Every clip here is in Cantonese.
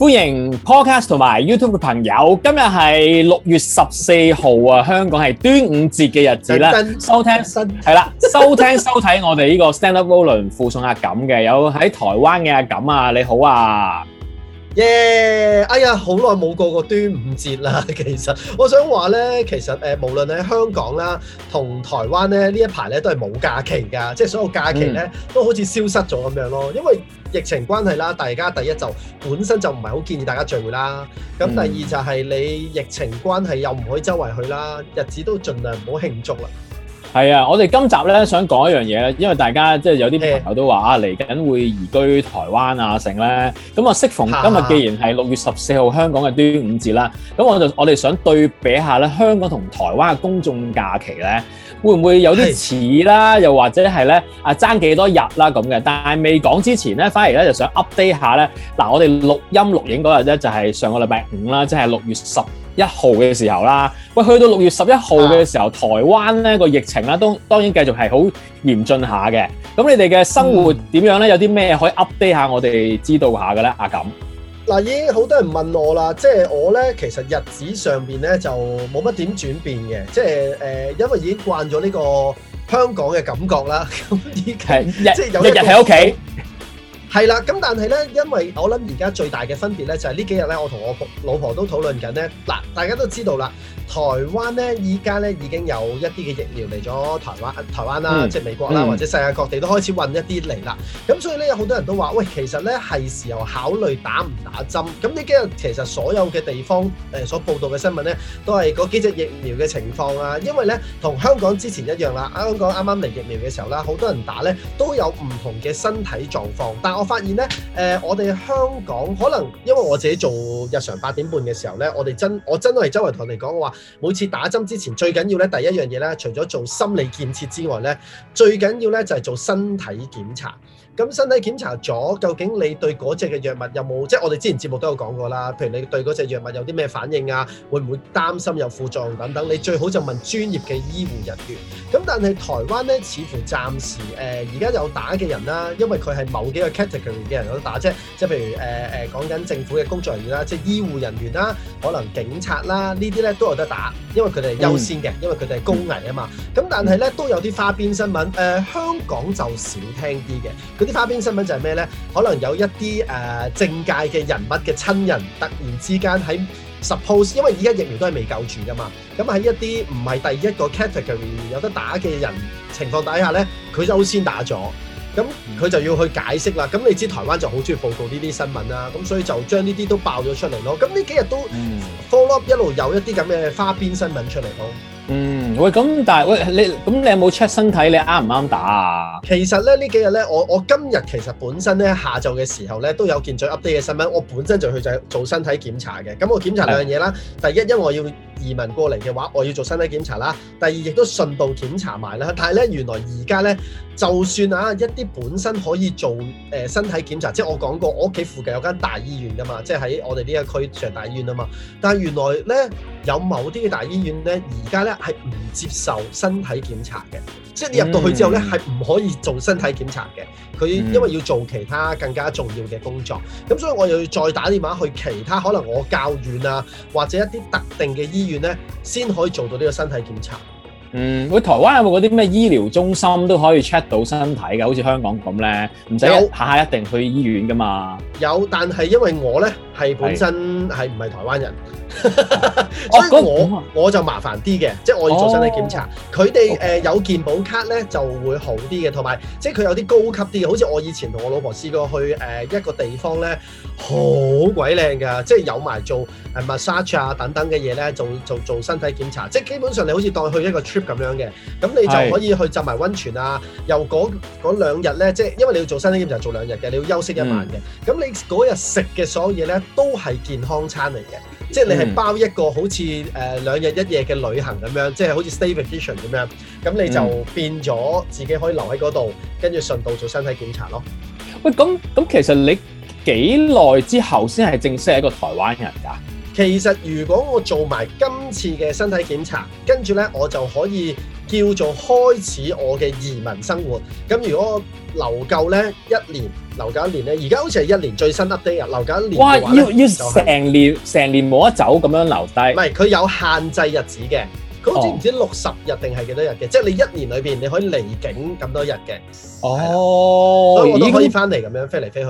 歡迎 Podcast 同埋 YouTube 嘅朋友，今日係六月十四號啊，香港係端午節嘅日子啦。 收聽係啦， 收聽收睇我哋呢個 Stand Up Roland 附送阿錦嘅，有喺台灣嘅阿錦啊，你好啊，耶！Yeah, 哎呀，好耐冇過過端午節啦。其實我想話咧，其實誒，無論喺香港啦，同台灣咧，呢一排咧都係冇假期噶，即係所有假期咧，嗯，都好似消失咗咁樣咯，因為。疫情關係啦，大家第一就本身就唔係好建議大家聚會啦。咁第二就係你疫情關係又唔可以周圍去啦，日子都盡量唔好慶祝啦。係啊，我哋今集咧想講一樣嘢咧，因為大家即係有啲朋友都話啊，嚟緊會移居台灣啊，成咧咁啊，適逢今日既然係六月十四號香港嘅端午節啦，咁我就我哋想對比下咧香港同台灣嘅公眾假期咧。會唔會有啲似啦？是的又或者係呢爭幾多日啦咁嘅？但係未講之前呢，反而呢就想 update 下呢。嗱，我哋錄音錄影嗰日呢，就係、是、上個禮拜五啦，即係六月十一號嘅時候啦。喂的，去到六月十一號嘅時候，台灣呢、那個疫情啦，都當然繼續係好嚴峻下嘅。咁你哋嘅生活點樣呢？嗯、有啲咩可以 update 下我哋知道一下嘅呢？阿、啊、錦。嗱，已經好多人問我啦，即係我咧，其實日子上邊咧就冇乜點轉變嘅。即係誒、呃，因為已經慣咗呢個香港嘅感覺啦，咁已經即係日日喺屋企。係啦，咁但係咧，因為我諗而家最大嘅分別咧，就係、是、呢幾日咧，我同我老婆都討論緊咧。嗱，大家都知道啦，台灣咧，而家咧已經有一啲嘅疫苗嚟咗台灣，台灣啦，嗯、即係美國啦，嗯、或者世界各地都開始運一啲嚟啦。咁所以咧，有好多人都話，喂，其實咧係時候考慮打唔打針？咁呢幾日其實所有嘅地方誒、呃、所報道嘅新聞咧，都係嗰幾隻疫苗嘅情況啊。因為咧，同香港之前一樣啦。香港啱啱嚟疫苗嘅時候啦，好多人打咧都有唔同嘅身體狀況，我發現咧，誒、呃，我哋香港可能因為我自己做日常八點半嘅時候咧，我哋真我真係周圍同人哋講，我話每次打針之前最緊要咧，第一樣嘢咧，除咗做心理建設之外咧，最緊要咧就係、是、做身體檢查。咁身體檢查咗，究竟你對嗰隻嘅藥物有冇？即係我哋之前節目都有講過啦。譬如你對嗰隻藥物有啲咩反應啊？會唔會擔心有副作用等等？你最好就問專業嘅醫護人員。咁但係台灣咧，似乎暫時誒而家有打嘅人啦，因為佢係某幾個 category 嘅人有得打啫。即係譬如誒誒講緊政府嘅工作人員啦，即係醫護人員啦，可能警察啦，呢啲咧都有得打，因為佢哋係優先嘅，因為佢哋係高危啊嘛。咁但係咧都有啲花邊新聞，誒、呃、香港就少聽啲嘅花邊新聞就係咩咧？可能有一啲誒、呃、政界嘅人物嘅親人突然之間喺 suppose，因為而家疫苗都係未夠住㗎嘛，咁喺一啲唔係第一個 category 有得打嘅人情況底下咧，佢優先打咗，咁佢就要去解釋啦。咁你知台灣就好鍾意報告呢啲新聞啦，啊，咁所以就將呢啲都爆咗出嚟咯。咁呢幾日都 follow up、嗯、一路有一啲咁嘅花邊新聞出嚟咯。嗯，喂，咁但係，喂你，咁你有冇 check 身體？你啱唔啱打啊？其實咧呢幾日咧，我我今日其實本身咧下晝嘅時候咧，都有件最 update 嘅新聞，我本身就去就做身體檢查嘅。咁我檢查兩樣嘢啦，的第一，因為我要。移民過嚟嘅話，我要做身體檢查啦。第二亦都順道檢查埋啦。但係咧，原來而家咧，就算啊一啲本身可以做誒、呃、身體檢查，即係我講過，我屋企附近有間大醫院㗎嘛，即係喺我哋呢一個區上大醫院啊嘛。但係原來咧，有某啲嘅大醫院咧，而家咧係唔接受身體檢查嘅，即係你入到去之後咧係唔可以做身體檢查嘅。佢因為要做其他更加重要嘅工作，咁所以我又要再打電話去其他可能我較遠啊，或者一啲特定嘅醫院。咧先可以做到呢個身體檢查。嗯，佢台灣有冇啲咩醫療中心都可以 check 到身體嘅？好似香港咁咧，唔使下下一定去醫院噶嘛？有，但係因為我咧係本身係唔係台灣人， 所以我、哦、我就麻煩啲嘅，即、就、係、是、我要做身體檢查。佢哋誒有健保卡咧就會好啲嘅，同埋即係佢有啲高級啲嘅，好似我以前同我老婆試過去誒、呃、一個地方咧，好鬼靚噶，嗯、即係有埋做誒 massage 啊等等嘅嘢咧，做做做，做身體檢查。即係基本上你好似當去一個。咁樣嘅，咁你就可以去浸埋溫泉啊！由嗰兩日咧，即係因為你要做身體檢查做兩日嘅，你要休息一晚嘅。咁、嗯、你嗰日食嘅所有嘢咧，都係健康餐嚟嘅，即係你係包一個好似誒、嗯呃、兩日一夜嘅旅行咁樣，即係好似 staycation 咁樣。咁、嗯、你就變咗自己可以留喺嗰度，跟住順道做身體檢查咯。喂，咁咁其實你幾耐之後先係正式係一個台灣人㗎？其實如果我做埋今次嘅身體檢查，跟住咧我就可以叫做開始我嘅移民生活。咁如果留夠咧一年，留夠一年咧，而家好似係一年最新 update 啊，留夠一年。哇！要要成、即係、年成年冇得走咁樣留低。唔係，佢有限制日子嘅，佢好似唔知六十日定係幾多日嘅，哦、即係你一年裏邊你可以離境咁多日嘅。哦，係嘅哦，所以我都可以翻嚟咁樣飛嚟飛去。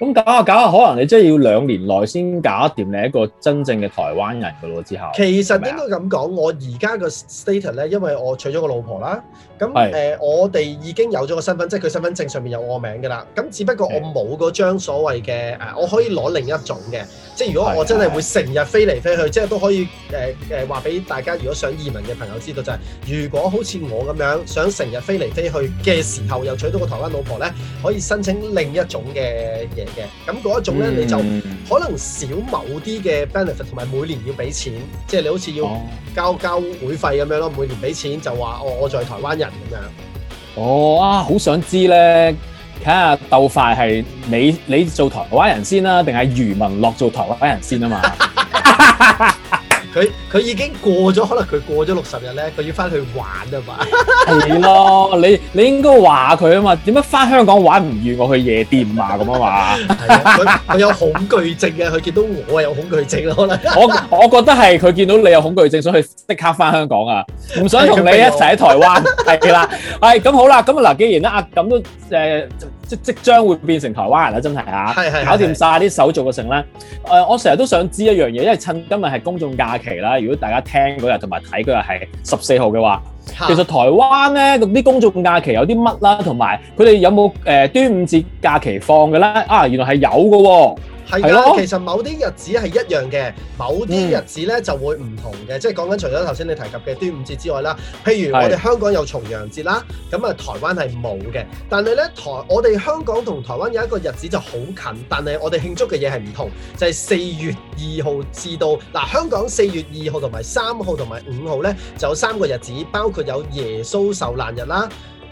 咁搞下搞下，可能你真係要兩年內先搞掂你一個真正嘅台灣人噶咯。之後其實麼應該咁講，我而家個 status 咧，因為我娶咗個老婆啦，咁誒的、呃、我哋已經有咗個身份，即係佢身份證上面有我名噶啦。咁只不過我冇嗰張所謂嘅誒我可以攞另一種嘅。即係如果我真係會成日飛嚟飛去，的即係都可以誒誒話俾大家，如果想移民嘅朋友知道就係、是、如果好似我咁樣想成日飛嚟飛去嘅時候，又娶到個台灣老婆咧，可以申請另一種嘅嘢。嘅，咁嗰一種咧，你就可能少某啲嘅 benefit，同埋每年要俾錢，即係你好似要交交會費咁樣咯，每年俾錢就話哦，我係台灣人咁樣。哦啊，好想知咧，睇下鬥快係你你做台灣人先啦，定係余文樂做台灣人先啊嘛？ 佢佢已經過咗，可能佢過咗六十日咧，佢要翻去玩啊嘛。係咯，你你應該話佢啊嘛？點解翻香港玩唔如我去夜店嘛？咁啊嘛。佢有恐懼症嘅，佢見到我有恐懼症咯。可能我我覺得係佢見到你有恐懼症，所以即刻翻香港啊，唔想同你一齊喺台灣。係啦，係咁好啦，咁啊嗱，既然咧阿咁都誒即即將會變成台灣人啦，真係啊，係係，搞掂曬啲手續嘅成啦。誒，我成日都想知一樣嘢，因為趁今日係公眾假期。期啦，如果大家聽嗰日同埋睇嗰日係十四號嘅話，其實台灣咧嗰啲公眾假期有啲乜啦，同埋佢哋有冇誒、呃、端午節假期放嘅咧？啊，原來係有嘅喎、啊。係啦，其實某啲日子係一樣嘅，某啲日子咧就會唔同嘅，嗯、即係講緊除咗頭先你提及嘅端午節之外啦，譬如我哋香港有重陽節啦，咁啊台灣係冇嘅，但係咧台，我哋香港同台灣有一個日子就好近，但係我哋慶祝嘅嘢係唔同，就係四月二號至到嗱，香港四月二號同埋三號同埋五號咧就有三個日子，包括有耶穌受難日啦。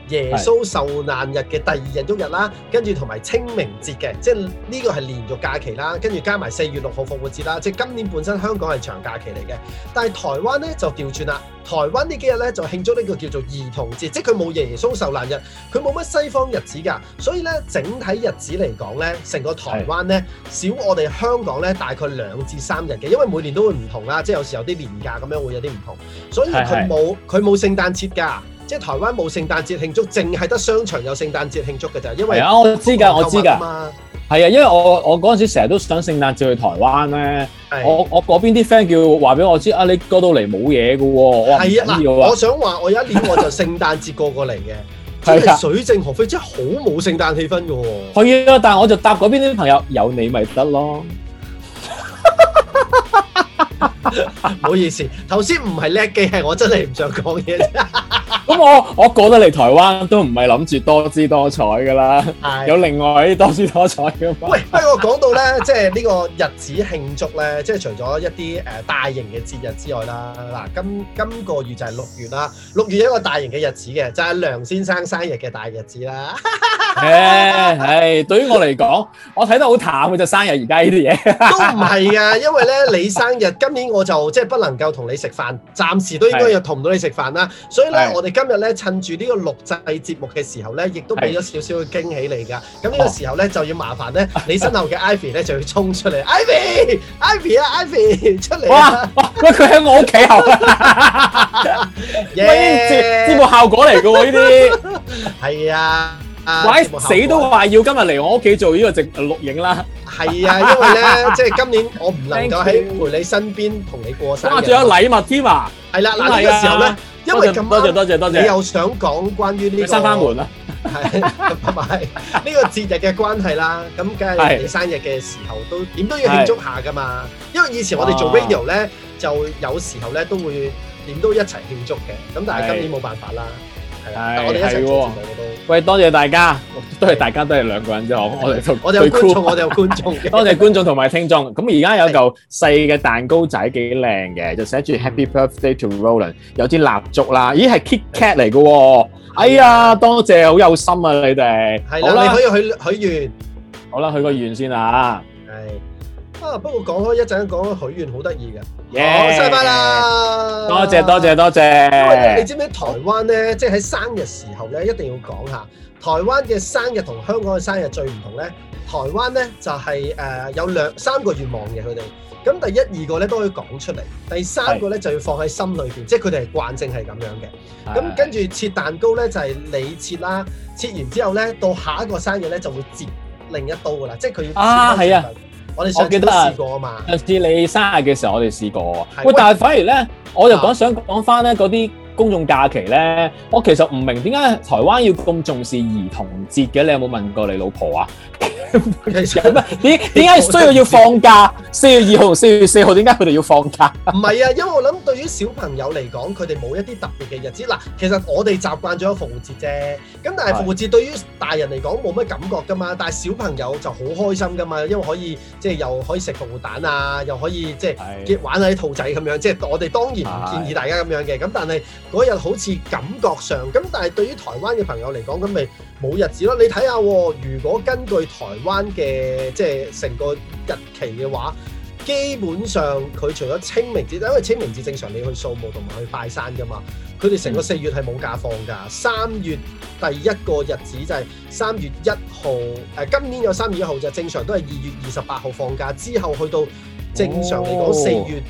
耶穌受難日嘅第二日足日啦，跟住同埋清明節嘅，即係呢個係連續假期啦，跟住加埋四月六號復活節啦，即係今年本身香港係長假期嚟嘅，但係台灣呢，就調轉啦。台灣呢幾日呢，就慶祝呢個叫做兒童節，即係佢冇耶穌受難日，佢冇乜西方日子㗎，所以呢，整體日子嚟講呢，成個台灣呢，少我哋香港呢大概兩至三日嘅，因為每年都會唔同啦，即係有時有啲年假咁樣會有啲唔同，所以佢冇佢冇聖誕節㗎。即係台灣冇聖誕節慶祝，淨係得商場有聖誕節慶祝㗎咋。因為，我知噶，我知噶。係啊，因為我我嗰陣時成日都想聖誕節去台灣咧的。我邊，我嗰邊啲 friend 叫話俾我知啊，你過到嚟冇嘢噶。係啊的，我想，我想話我有一年我就聖誕節過過嚟嘅。係 的水靜河飛，真係好冇聖誕氣氛噶。係啊，但係我就答嗰邊啲朋友，有你咪得咯。唔 好意思，頭先唔係叻機，係我真係唔想講嘢。 咁我我覺得嚟台灣都唔係諗住多姿多彩噶啦，係，有另外多姿多彩嘅。喂，不過講到咧，即係呢個日子慶祝咧，即係除咗一啲誒大型嘅節日之外啦。嗱，今今個月就係六月啦，六月一個大型嘅日子嘅，就係梁先生生日嘅大日子啦。誒，誒，對於我嚟講，我睇得好淡佢就生日而家呢啲嘢，都唔係啊，因為咧你生日今年我就即係不能夠同你食飯，暫時都應該又同唔到你食飯啦。係。所以咧，我哋。今日咧，趁住呢個錄製節目嘅時候咧，亦都俾咗少少嘅驚喜嚟噶。咁呢個時候咧，就要麻煩咧，你身後嘅 Ivy 咧就要衝出嚟，Ivy，Ivy 啊，Ivy 出嚟。哇！喂，佢喺我屋企後。呢啲節目效果嚟噶喎，呢啲係啊。喂，死都話要今日嚟我屋企做呢個直錄影啦。係啊，因為咧，即係今年我唔能夠喺陪你身邊同你過生日，仲有禮物添啊。係啦，嗱呢個時候咧。因為咁啱，多謝、多謝、多謝，你又想講關於呢、這個關門啦，係同埋呢個節日嘅關係啦，咁梗係你生日嘅時候 都點都要慶祝下㗎嘛。因為以前我哋做 radio 咧，哦、就有時候咧都會點都一齊慶祝嘅，咁但係今年冇辦法啦。 係係喎，喂，多謝大家，都係大家都係兩個人啫，我我哋同我哋觀眾，我哋有觀眾嘅，多謝觀眾同埋聽眾。咁而家有嚿細嘅蛋糕仔，幾靚嘅，就寫住 Happy Birthday to Roland，有啲蠟燭啦，咦，係 KitKat 嚟嘅，哎呀，多謝，好有心啊，你哋，係啦，你可以許許願，好啦，許個願先啊。啊！不過講開一陣講許願好得意嘅，yeah, 好，收麥啦，多謝多謝多謝，謝，謝，謝你。你知唔知台灣咧，即係喺生日時候咧，一定要講下。台灣嘅生日同香港嘅生日最唔同咧，台灣咧就係、是、誒、呃、有兩三個願望嘅佢哋。咁第一二個咧都可以講出嚟，第三個咧是就要放喺心裏面，即係佢哋係慣性係咁樣嘅。咁跟住切蛋糕咧就係、是、你切啦，切完之後咧到下一個生日咧就會接另一刀噶啦，即係佢要切啊，係啊。我哋記得啊，上次你生日嘅時候我哋試過。是喂，但係反而咧，我就講想講返咧嗰啲公眾假期咧，我其實唔明點解台灣要咁重視兒童節嘅？你有冇問過你老婆啊？點點解需要要放假？四月二號四月四號點解佢哋要放假？唔係啊，因為我諗對於小朋友嚟講，佢哋冇一啲特別嘅日子嗱。其實我哋習慣咗復活節啫。咁但係復活節對於大人嚟講冇乜感覺噶嘛，但係小朋友就好開心噶嘛，因為可以即係又可以食復活蛋啊，又可以即係玩下啲兔仔咁樣。即係的我哋當然唔建議大家咁樣嘅。咁的但係嗰日好似感覺上咁，但係對於台灣嘅朋友嚟講，咁咪。冇日子咯，你睇下，如果根據台灣嘅即係成個日期嘅話，基本上佢除咗清明節，因為清明節正常你去掃墓同埋去拜山㗎嘛，佢哋成個四月係冇假放㗎。三月第一個日子就係三月一號，誒、呃，今年有三月一號就正常都係二月二十八號放假，之後去到正常嚟講四月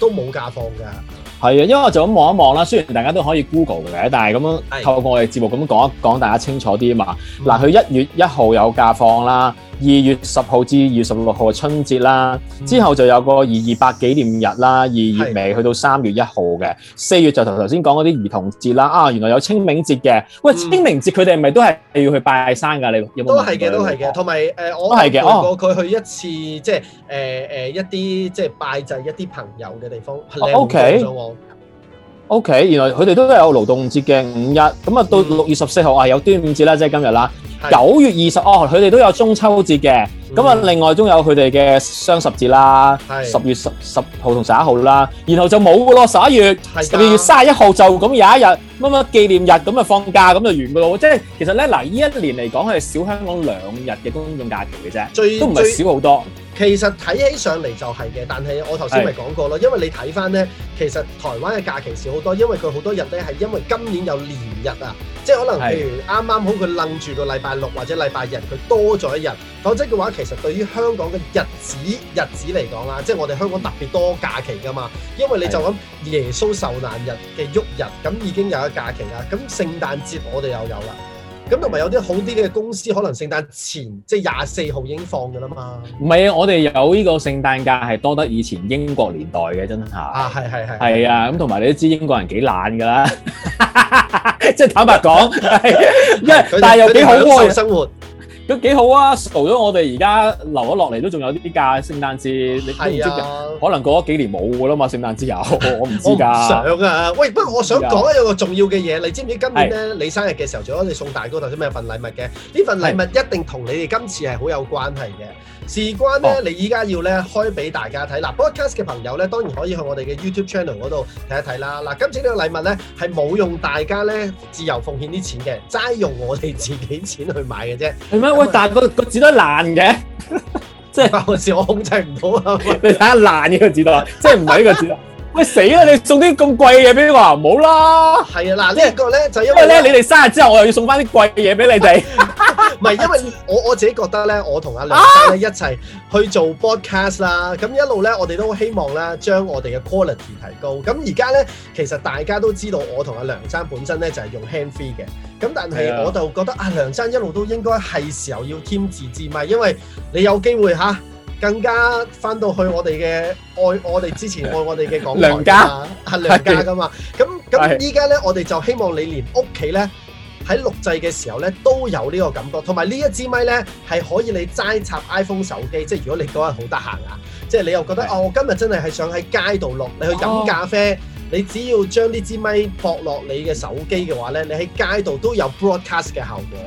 都冇假放㗎。係啊，因為我就咁望一望啦。雖然大家都可以 Google 嘅，但係咁樣透過我哋節目咁講一講，大家清楚啲嘛。嗱的，佢一月一號有假放啦。二月十號至二十六號春節啦，嗯、之後就有個二二八紀念日啦，二月尾去的到三月一號嘅。四月就頭頭先講嗰啲兒童節啦。啊，原來有清明節嘅。喂，清明節佢哋係咪都係要去拜山㗎？你有冇？都係嘅，呃、都係嘅。同埋誒，我我我佢去一次，即係誒誒一啲即係拜祭一啲朋友嘅地方。O K、啊。Okay? Okay, 原來，他們都有勞動節嘅 ,5 日，咁，到6月14號，號啊有端午節啦，即係今日啦9月22號，佢哋都有中秋節嘅，咁另外仲有佢哋嘅雙十節啦10月10號同11號，然後就冇囉，11月，12月31號就咁有一日乜乜紀念日咁放假，咁就完囉。即係其實呢，嗱呢一年嚟講其實睇起上嚟就係嘅，但係我頭先咪講過咯，的因為你睇翻呢，其實台灣嘅假期少好多，因為佢好多日呢係因為今年有連日啊，即係可能譬如啱啱好佢楞住個禮拜六或者禮拜日，佢多咗一日。否則嘅話，其實對於香港嘅日子日子嚟講啦，即係我哋香港特別多假期㗎嘛，因為你就諗耶穌受難日嘅喐日，咁已經有一假期啦，咁聖誕節我哋又有啦。咁同埋有啲好啲嘅公司可能聖誕前即係廿四號已經放㗎啦嘛。唔係啊，我哋有呢個聖誕假係多得以前英國年代嘅真係。啊係係係。係啊，咁同埋你都知英國人幾懶㗎啦。 即係坦白講，一但又幾好愛生活。咁幾好啊！除咗我哋而家留咗落嚟都仲有啲假，聖誕節你睇唔識㗎，可能過咗幾年冇㗎啦嘛，聖誕節有我唔知㗎。想啊！喂，不過我想講一個重要嘅嘢，知啊、你知唔知今年咧你生日嘅時候？仲我你送大哥頭先咪有份禮物嘅？呢的份禮物一定同你哋今次係好有關係嘅。事關咧，你依家要咧開俾大家睇，嗱，Podcast 嘅朋友咧，當然可以去我哋嘅 YouTube Channel 嗰度睇一睇啦。嗱、啊，今次個禮呢個禮物咧係冇用大家咧自由奉獻啲錢嘅，齋用我哋自己錢去買嘅啫。係咩？喂，但係個個紙都係爛嘅，即係發個字我控制唔到啊！你睇下爛呢個紙袋，即係唔係呢個紙袋啊？喂，死啦！你送啲咁貴嘅嘢俾我，個唔好啦。係、 就是、啊，嗱、這個、呢一個咧就因為咧，你哋生日之後我又要送翻啲貴嘅嘢俾你哋。唔係，因為我我自己覺得咧，我同阿梁生咧一齊去做 podcast 啦。咁一路咧，我哋都希望咧，將我哋嘅 quality 提高。咁而家咧，其實大家都知道，我同阿梁生本身咧就係、是、用 hand free 嘅。咁但係我就覺得阿 Yeah.、啊、梁生一路都應該係時候要添字字幕，因為你有機會嚇、啊、更加翻到去我哋嘅愛，我哋之前愛我哋嘅講家阿梁家噶、啊、嘛。咁咁依家咧，我哋就希望你連屋企咧。喺錄製嘅時候咧，都有呢個感覺，同埋呢一支咪咧係可以你齋插 iPhone 手機，即係如果你嗰日好得閒啊，即係你又覺得哦是，今日真係係想喺街度錄，你去飲咖啡，你只要將呢支咪駁落你嘅手機嘅話咧，你喺街度都有 broadcast 嘅效果。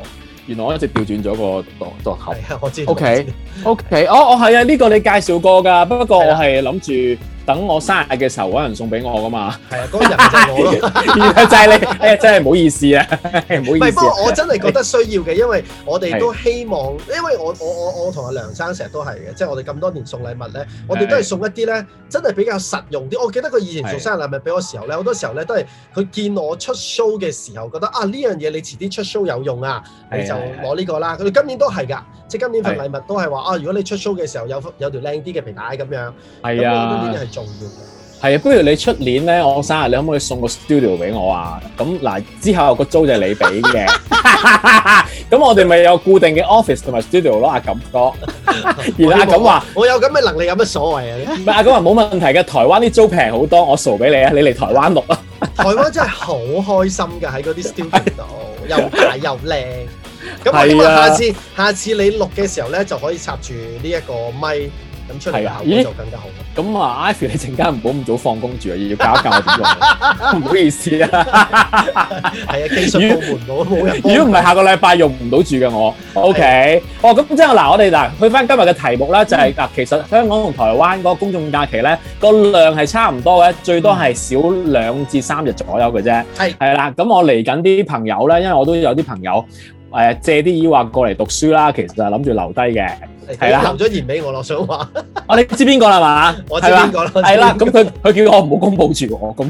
原來我一直調轉咗、那個作作合。係啊，我知。O K O K，哦哦係啊，呢個你介紹過噶，不過我係諗住。等我生日嘅時候嗰人送俾我㗎嘛？係啊，嗰人就我咯，就係你誒，真係唔好意思啊，唔好意思啊。不過我真係覺得需要嘅，因為我哋都希望，是因為我我我我同阿梁生成日都係嘅，即係我哋咁多年送禮物咧，我哋都係送一啲咧，真係比較實用啲。我記得佢以前送生日禮物俾我時候咧，好多時候咧都係佢見我出 show 嘅時候，覺得啊呢樣嘢你遲啲出 show 有用啊，你就攞呢個啦。佢哋今年都係㗎，即係今年份禮物都係話啊，如果你出 show 嘅時候有有條靚啲嘅皮帶咁樣。係啊。係啊，不如你出年咧，我生日你可唔可以送個 studio 俾我啊？咁嗱，之後有個租就係你俾嘅。咁 我哋咪有固定嘅 office 同埋 studio 咯。阿、啊、錦哥，然阿錦話：我有咁嘅能力，有乜所謂啊？唔係阿錦話冇問題嘅，台灣啲租平好多，我 show 俾你啊！你嚟台灣錄啊！ 台灣真係好開心嘅，喺嗰啲 studio 度， 又大又靚。咁我次是啊，下先，下次你錄嘅時候咧，就可以插住呢一個咪。咁出嚟就更加好。咁啊，Ivy 你陣間唔好咁早放工住啊，要教教我點用。唔 好意思啊。係啊，如果唔係下個禮拜用唔到住嘅我。OK，啊。哦，咁即係嗱，我哋嗱、啊，去翻今日嘅題目咧，就係、是、嗱，嗯、其實香港同台灣嗰個公眾假期咧，個量係差唔多嘅，最多係少兩至三日左右嘅啫。係是。係啦、啊，咁我嚟緊啲朋友咧，因為我都有啲朋友。誒借啲耳話過嚟讀書啦，其實就係諗住留低嘅，係啦。留咗言俾我落想話，我你知邊個啦嘛？我知邊個啦，係啦。咁佢佢叫我唔好公佈住我，咁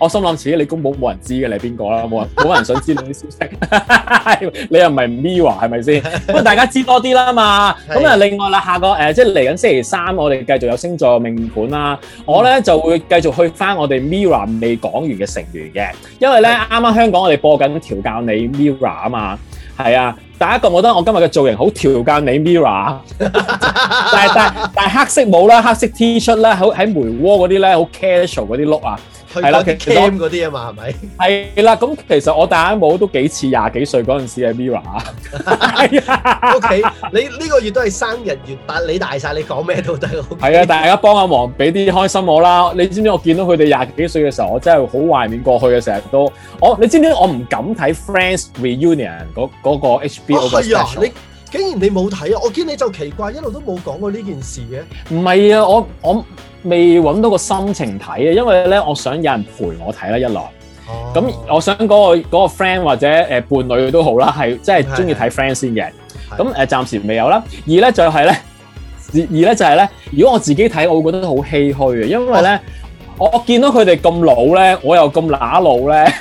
我心諗自己，你公佈冇人知嘅，你係邊個啦？冇人冇人想知你啲消息。你又唔係 Mirror 係咪先？咁大家知多啲啦嘛。咁啊，另外啦，下個誒即係嚟緊星期三，我哋繼續有星座命盤啦。我咧就會繼續去翻我哋 Mirror 未講完嘅成員嘅，因為咧啱啱香港我哋播緊調教你 Mirror 啊嘛。係啊，第一個我覺得我今日嘅造型好調教你 Mira， 但係是 但係黑色帽啦，黑色 T 恤啦，好喺梅窩嗰啲咧，好 casual 嗰啲 look 啊。係啦，cam 嗰啲啊嘛，係咪了？係啦，咁其實我大眼帽都幾似廿幾歲嗰陣時嘅 Mirror。Okay，你呢個月都係生日月，但你大晒，你講咩都得。係、okay？啊，大家幫下忙，俾啲開心我啦。你知唔知我見到佢哋廿幾歲嘅時候，我真係好懷緬過去嘅，成日都我。你知唔知我唔敢睇 Friends Reunion 嗰、那個 HBO special、哦竟然你冇睇啊！我見你就奇怪，一路都冇講過呢件事嘅。唔係啊，我我未揾到個心情睇啊，因為咧，我想有人陪我睇啦，一嚟。咁、哦、我想嗰、嗰個、嗰個 friend 或者誒伴侶都好啦，係即係中意睇 friend 先嘅。咁誒的，暫時未有啦。二咧就係、是、咧，二咧就係、是、咧，如果我自己睇，我會覺得好唏嘘嘅，因為咧，哦、我見到佢哋咁老咧，我又咁乸老咧，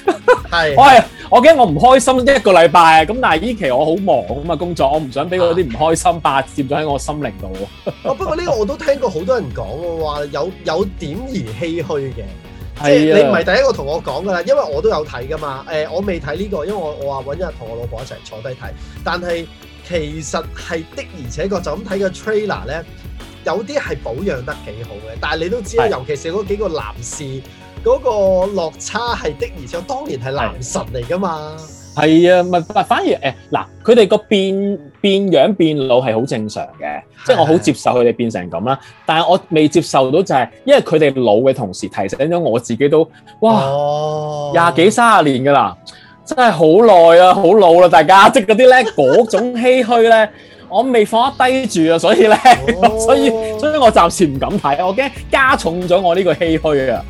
係喂的。 是我驚我唔開心一個禮拜啊！咁但係呢期我好忙咁啊工作，我唔想俾嗰啲唔開心霸佔咗喺我心靈度 、啊。不過呢個我都聽過好多人講喎，話有有點而唏噓嘅。啊、即係你唔係第一個同我講㗎啦，因為我都有睇㗎嘛。誒、呃，我未睇呢、這個，因為我我話揾日同我老婆一齊坐低睇。但係其實係的而且確，確就咁睇個 trailer 咧，有啲係保養得幾好嘅。但係你都知啊，是尤其是嗰幾個男士。嗰個落差係的，而且我當年係男神嚟㗎嘛，係啊，咪咪反而誒嗱，佢哋個變變樣變老係好正常嘅，即係的我好接受佢哋變成咁啦。但係我未接受到就係、是，因為佢哋老嘅同時提醒咗我自己都哇廿、哦、幾三十年㗎啦，真係好耐啊，好老啦，大家即係嗰啲咧嗰種唏噓咧，我未放低住啊，所以咧，哦、 所以所以我暫時唔敢睇，我驚加重咗我呢個唏噓啊。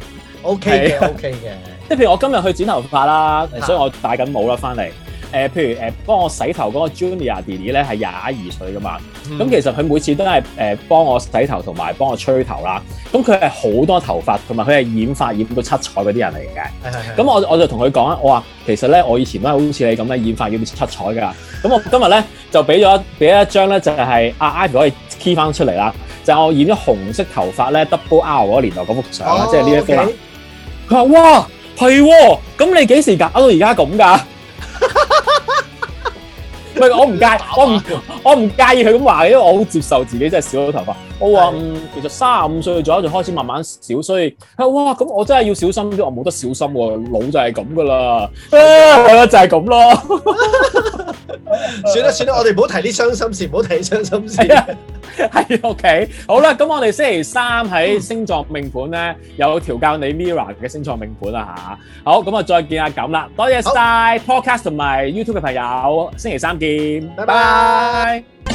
O K 嘅，O K 嘅。即係、okay okay、 譬如我今日去剪頭髮啦，的所以我戴緊帽啦，翻嚟。誒、呃，譬如誒、呃、幫我洗頭嗰個 Junior Didi 咧係廿二歲噶嘛。咁、嗯、其實佢每次都係誒、呃、幫我洗頭同埋幫我吹頭啦。咁佢係好多頭髮同埋佢係染髮染到七彩嗰啲人嚟嘅。咁我我就同佢講啦，我話其實咧我以前都係好似你咁咧染髮染到七彩㗎。咁我今日咧就俾咗俾咗一張咧就係、是、阿 Ivy 可以 key 翻出嚟啦。就是、我染咗紅色頭髮咧 Double R 嗰年代嗰幅相啊，oh, 即係呢一幅佢話：哇，係喎，咁你幾時搞到而家咁㗎？咪 我唔介意， 我唔介意佢咁話，因為我好接受自己真係少咗頭髮。我話其實三十五歲左右就開始慢慢少，衰，以吓哇咁，我真係要小心啲，我冇得小心喎，腦就係咁噶啦，啊、就係咁咯。算啦算啦，我哋唔好提啲傷心事，唔好提傷心事。係 OK，好啦，咁我哋星期三喺星座命盤咧，嗯、又有調教你 mirror 嘅星座命盤啊吓。好，咁啊再見阿錦啦，多謝晒好 Podcast 同埋 YouTube 嘅朋友，星期三見，拜拜。拜拜